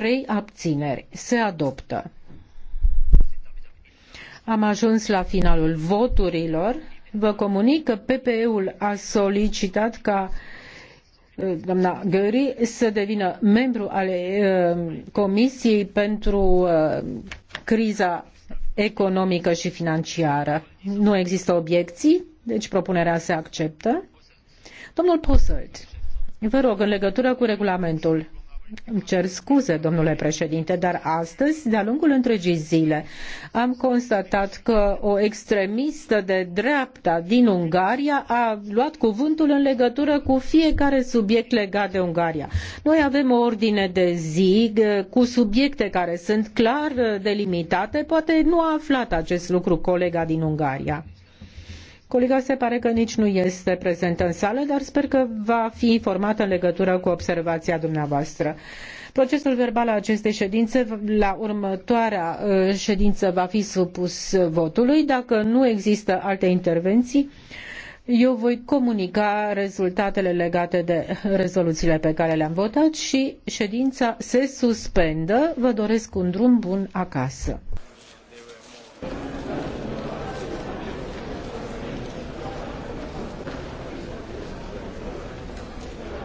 Trei abțineri. Se adoptă. Am ajuns la finalul voturilor. Vă comunic că PPE-ul a solicitat ca uh, doamna Gări să devină membru ale uh, Comisiei pentru uh, criza economică și financiară. Nu există obiecții, deci propunerea se acceptă. Domnul Posselt, vă rog, în legătură cu regulamentul îmi cer scuze, domnule președinte, dar astăzi, de-a lungul întregii zile, am constatat că o extremistă de dreapta din Ungaria a luat cuvântul în legătură cu fiecare subiect legat de Ungaria. Noi avem o ordine de zi eh, cu subiecte care sunt clar eh, delimitate, poate nu a aflat acest lucru colega din Ungaria. Colega se pare că nici nu este prezentă în sală, dar sper că va fi informată în legătură cu observația dumneavoastră. Procesul verbal al acestei ședințe la următoarea uh, ședință va fi supus votului. Dacă nu există alte intervenții, eu voi comunica rezultatele legate de rezoluțiile pe care le-am votat și ședința se suspendă. Vă doresc un drum bun acasă.